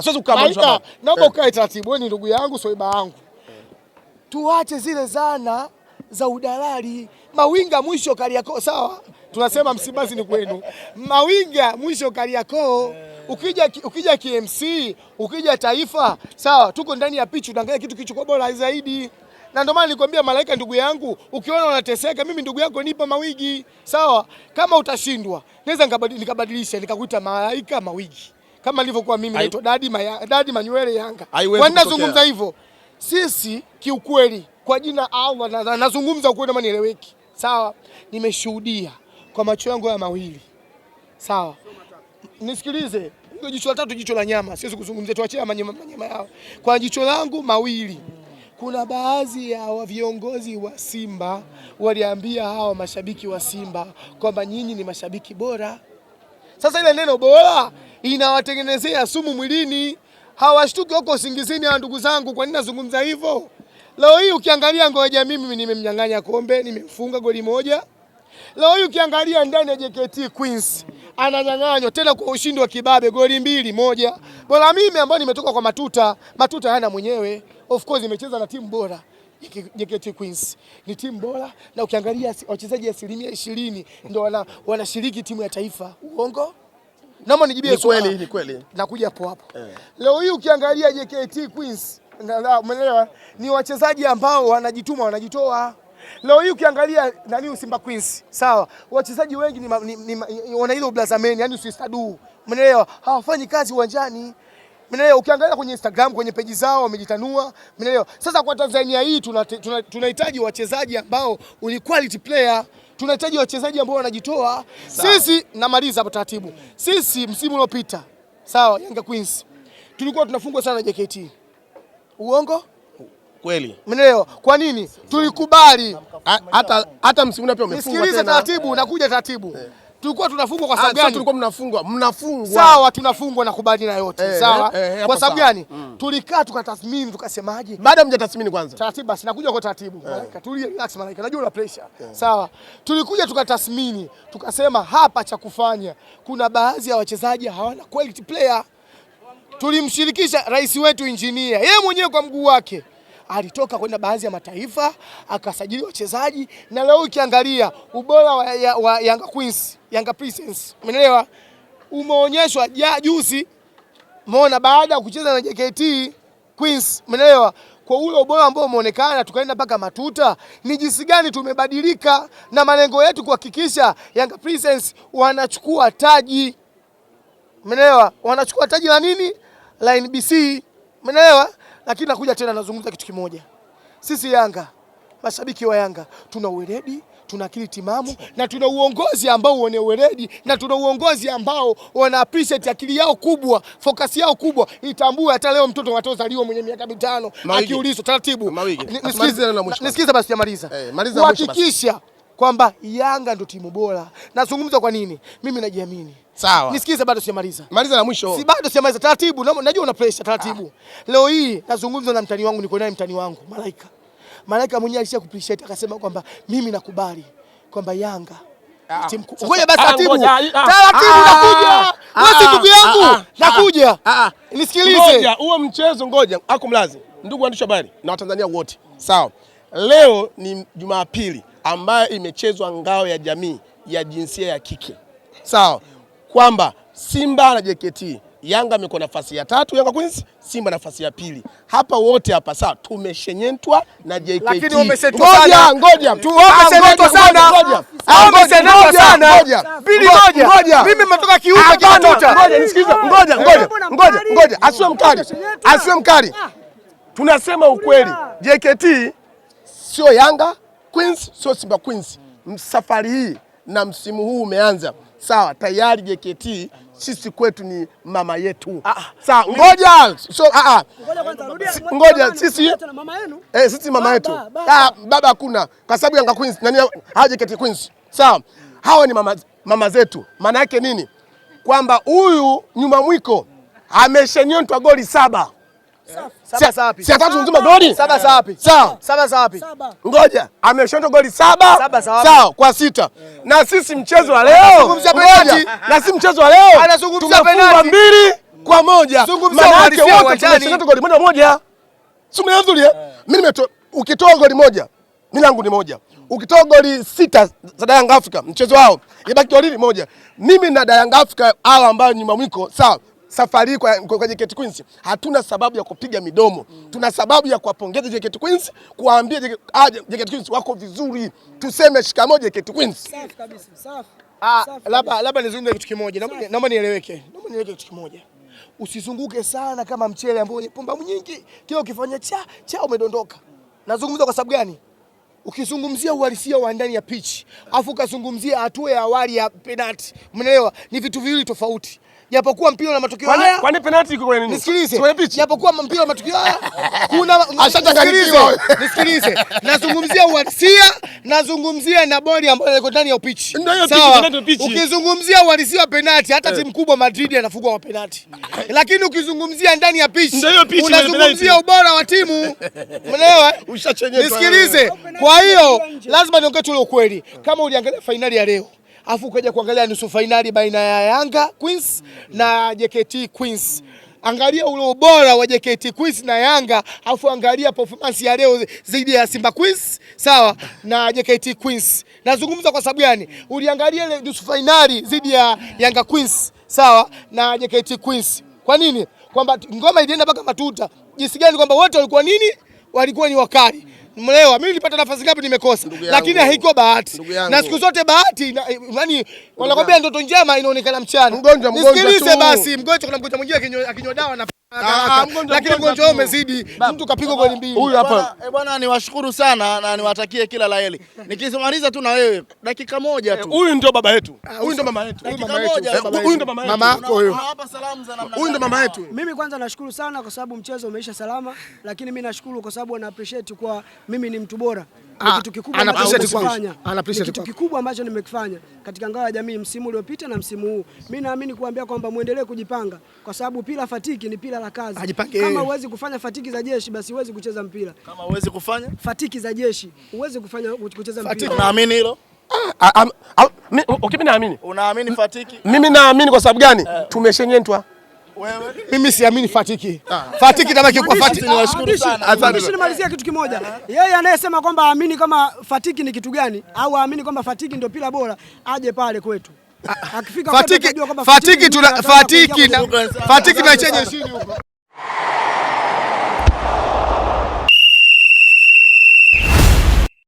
sawa, siwezi kukaa. Naomba eh. ukae taratibu, wewe ni ndugu yangu, sio baba yangu. Tuache zile zana za udalali. Mawinga mwisho Kariakoo, sawa, tunasema Msimbazi ni kwenu. Mawinga mwisho Kariakoo, ukija ukija KMC, ukija Taifa, sawa, tuko ndani ya pichu, unaangalia kitu kilichokuwa bora zaidi na ndio maana nilikwambia Malaika, ndugu yangu, ukiona unateseka, mimi ndugu yako, nipa mawigi sawa. Kama utashindwa, naweza nikabadilisha nikakuita Malaika mawigi kama nilivyokuwa mimi naitwa Dadi Maya, Dadi Manywele Yanga. Wanazungumza hivyo sisi, kiukweli kwa jina Allah nazungumza ukweli, na nieleweki sawa. Nimeshuhudia kwa macho yangu ya mawili sawa, nisikilize jicho la tatu, jicho la nyama, siwezi kuzungumzia, tuachie manyama, manyama yao. Kwa jicho langu mawili, kuna baadhi ya viongozi wa Simba waliambia hawa mashabiki wa Simba kwamba nyinyi ni mashabiki bora. Sasa ile neno bora inawatengenezea sumu mwilini, hawashtuki huko singizini. Wa ndugu zangu, kwa nini nazungumza hivyo? Leo hii ukiangalia ngoja, mimi nimemnyang'anya kombe, nimemfunga goli moja. Leo hii ukiangalia ndani ya JKT Queens ananyang'anywa tena kwa ushindi wa kibabe goli mbili moja. Bora mimi ambayo nimetoka kwa matuta, matuta hana mwenyewe, of course nimecheza na timu bora JKT Queens ni timu bora, na ukiangalia wachezaji asilimia ishirini ndio wanashiriki wana timu ya taifa. Uongo? naomba nijibie swali. Ni kweli. Nakuja hapo hapo. Eh. Leo hii ukiangalia JKT Queens, umeelewa? Ni wachezaji ambao wanajituma, wanajitoa. Leo hii ukiangalia nani Simba Queens, sawa? Wachezaji wengi ni, ni, ni wana ile blazameni, yani usistadu. Umeelewa? Hawafanyi kazi uwanjani. mnaelewa. Ukiangalia kwenye Instagram, kwenye peji zao wamejitanua. mnaelewa. Sasa kwa Tanzania hii tunahitaji tuna, tuna wachezaji ambao ni quality player tunahitaji wachezaji ambao wanajitoa. Sisi namaliza hapo taratibu. Sisi msimu uliopita, sawa, Yanga Queens tulikuwa tunafungwa sana na JKT. Uongo kweli? Mnaelewa kwa nini tulikubali? Hata msimu pia tena. Nisikilize taratibu, eh. nakuja taratibu. Eh tulikuwa tunafungwa kwa sababu ah, gani? Tulikuwa mnafungwa, mnafungwa. Sawa, tunafungwa na kubali na yote eh, sawa eh, eh, kwa sababu gani? mm. Tulikaa tukatathmini, tukasemaje? Baada tathmini kwanza, taratibu basi, nakuja kwa taratibu eh. Malaika tulie, relax malaika, najua una pressure eh. Sawa, tulikuja tukatathmini, tukasema hapa cha kufanya, kuna baadhi ya wachezaji hawana quality player. Tulimshirikisha rais wetu engineer yeye mwenyewe kwa mguu wake alitoka kwenda baadhi ya mataifa akasajili wachezaji, na leo ukiangalia ubora wa, ya, wa Yanga Queens, Yanga Princess, umeelewa, umeonyeshwa juzi, umeona baada ya kucheza na JKT Queens, umeelewa kwa ule ubora ambao umeonekana tukaenda mpaka matuta, ni jinsi gani tumebadilika na malengo yetu kuhakikisha Yanga Princess wanachukua taji, umeelewa, wanachukua taji la nini la NBC, umeelewa. Lakini nakuja tena nazungumza kitu kimoja, sisi Yanga, mashabiki wa Yanga tuna uweledi, tuna akili timamu na tuna uongozi ambao wana uweledi na tuna uongozi ambao wana appreciate akili yao kubwa, fokasi yao kubwa. Itambue hata leo mtoto atozaliwa mwenye miaka mitano akiulizwa taratibu, nisikize basi, jamaliza eh, kuhakikisha kwamba Yanga ndio timu bora. Nazungumza kwa nini? Mimi najiamini. Sawa. Nisikize bado sijamaliza. Maliza na mwisho. Si bado sijamaliza. Taratibu, najua una pressure taratibu. Ah. Leo hii nazungumza na mtani wangu, niko naye mtani wangu, Malaika. Malaika mwenyewe alisha appreciate akasema kwamba mimi nakubali kwamba Yanga ah. Ngoja basi taratibu. Taratibu nakuja. Wewe ndugu yangu nakuja. Nisikilize. Ngoja, huo mchezo ngoja akumlazi. Ndugu waandishi habari na Watanzania wote. Sawa. Leo ni Jumapili ambayo imechezwa ngao ya jamii ya jinsia ya kike, sawa, kwamba Simba na JKT Yanga amekuwa nafasi ya tatu, Yanga Queens, Simba nafasi ya pili. Hapa wote hapa sawa, tumeshenyentwa na JKT. Lakini umesetwa sana. Ngoja, ngoja. Tumeshenyentwa sana. Ah, umesetwa sana. Pili moja. Mimi nimetoka kiume kwa tuta. Ngoja, nisikiza. Ngoja, ngoja. Ngoja, ah. ngoja. Asiwe mkali. Asiwe mkali. Ah. Tunasema ukweli. JKT sio Yanga Queens sio Simba Queens. Safari hii na msimu huu umeanza sawa, tayari JKT sisi kwetu ni mama yetu. Ah, ah. sawa, ngoja so, ah, ah. Ngoja sisi eh, sisi mama yetu ah, baba hakuna, kwa sababu Yanga Queens nani haje JKT Queens, sawa, hawa ni mama, mama zetu. Maana yake nini? Kwamba huyu nyuma mwiko ameshenyontwa goli saba. Saba si atatu nzima goli eh. sawa ngoja, Ameshoto goli saba Saba sapi. sawa kwa sita eh. na sisi mchezo wa leo Ngoja. na sisi mchezo wa leo tumefungwa mbili kwa moja, maana yake wote tumeshota goli moja moja. Eh? Mimi ukitoa goli moja mimi langu ni moja, ukitoa goli sita za Yanga Afrika mchezo wao ibaki goli moja, mimi na Yanga Afrika hao ambao ni mamwiko sawa safari kwa, kwa, kwa JKT Queens hatuna sababu ya kupiga midomo mm. Tuna sababu ya kuwapongeza JKT Queens, kuwaambia JKT ah, Queens wako vizuri, mm. tuseme shikamoo JKT Queens. Safi kabisa, safi. Ah, labda labda nizungumze kitu kimoja, naomba nieleweke, naomba nieleweke kitu kimoja Usizunguke sana kama mchele ambao ni pumba nyingi, kila ukifanya cha cha umedondoka. Nazungumza kwa sababu gani? Ukizungumzia uhalisia wa ndani ya pitch, afu ukazungumzia hatua ya awali ya penalty, umeelewa? Ni vitu viwili tofauti japokuwa mpira na matukio haya. Kwa nini penalty iko kwenye nini? Nisikilize. Japokuwa mpira na matukio haya kuna ashachanganyikiwa. Nisikilize. Nazungumzia uhalisia, nazungumzia na boli ambayo iko ndani ya pitch. pitch, Ndio hiyo ndio pitch. Ukizungumzia uhalisia wa penalty hata eh. timu kubwa Madrid anafungwa kwa penalty. Lakini ukizungumzia ndani ya pitch, ndio hiyo pitch. unazungumzia ubora wa timu. Umeelewa? Ushachenyeka. Nisikilize. Kwa hiyo lazima niongee tu ukweli. Kama uliangalia fainali ya leo afu ukaja kuangalia nusu fainali baina ya Yanga Queens na JKT Queens. Angalia ule ubora wa JKT Queens na Yanga, afu angalia performance ya leo zaidi ya Simba Queens, sawa na JKT Queens. Nazungumza kwa sababu gani? Uliangalia ile nusu fainali zaidi ya Yanga Queens, sawa na JKT Queens. Kwa nini? Kwamba ngoma ilienda mpaka matuta. Jinsi gani kwamba wote walikuwa nini? Walikuwa ni wakali mlewa. Mimi nilipata nafasi ngapi nimekosa, lakini haikuwa bahati, na siku zote bahati eh, yani, wanakwambia ndoto njema inaonekana mchana. Nisikilize basi, mgonjwa, kuna mgonjwa mwingine akinywa dawa na Ah, ah, lakini mgonjwa wao umezidi, mtu kapigwa goli mbili. Huyu hapa eh bwana, niwashukuru sana na niwatakie kila la heri. Nikimaliza tu na wewe dakika moja tu, eh, huyu ndio baba yetu, huyu ndio mama yetu, huyu ndio mama yetu, mama yako huyu. Hapa salamu za namna, huyu ndio mama yetu. Mimi kwanza nashukuru sana kwa sababu mchezo umeisha salama, lakini mimi nashukuru kwa sababu wana appreciate kwa mimi ni mtu bora Ah, kitu kikubwa ambacho nimekifanya katika ngao ya jamii msimu uliopita na msimu huu. mi naamini kuambia kwamba mwendelee kujipanga, kwa sababu pila fatiki ni pila la kazi. Ajipange. Kama huwezi kufanya fatiki za jeshi, basi huwezi kucheza mpira. Kama huwezi kufanya fatiki za jeshi, huwezi kufanya kucheza mpira. Naamini hilo. Mimi ah, ah, oh, naamini. Unaamini fatiki? Mimi naamini kwa sababu gani? Eh. Tumeshenyentwa. Wewe mimi siamini Fatiki. Ah. Fatiki tabaki kwa Fatiki. Niwashukuru sana. Asante. Nimalizia kitu kimoja. Yeye anayesema kwamba aamini kama Fatiki ni kitu gani au aamini kwamba Fatiki ndio pila bora aje pale kwetu. Ah. Akifika kwetu, Fatiki, Fatiki tuna Fatiki na Fatiki na chenye shini huko.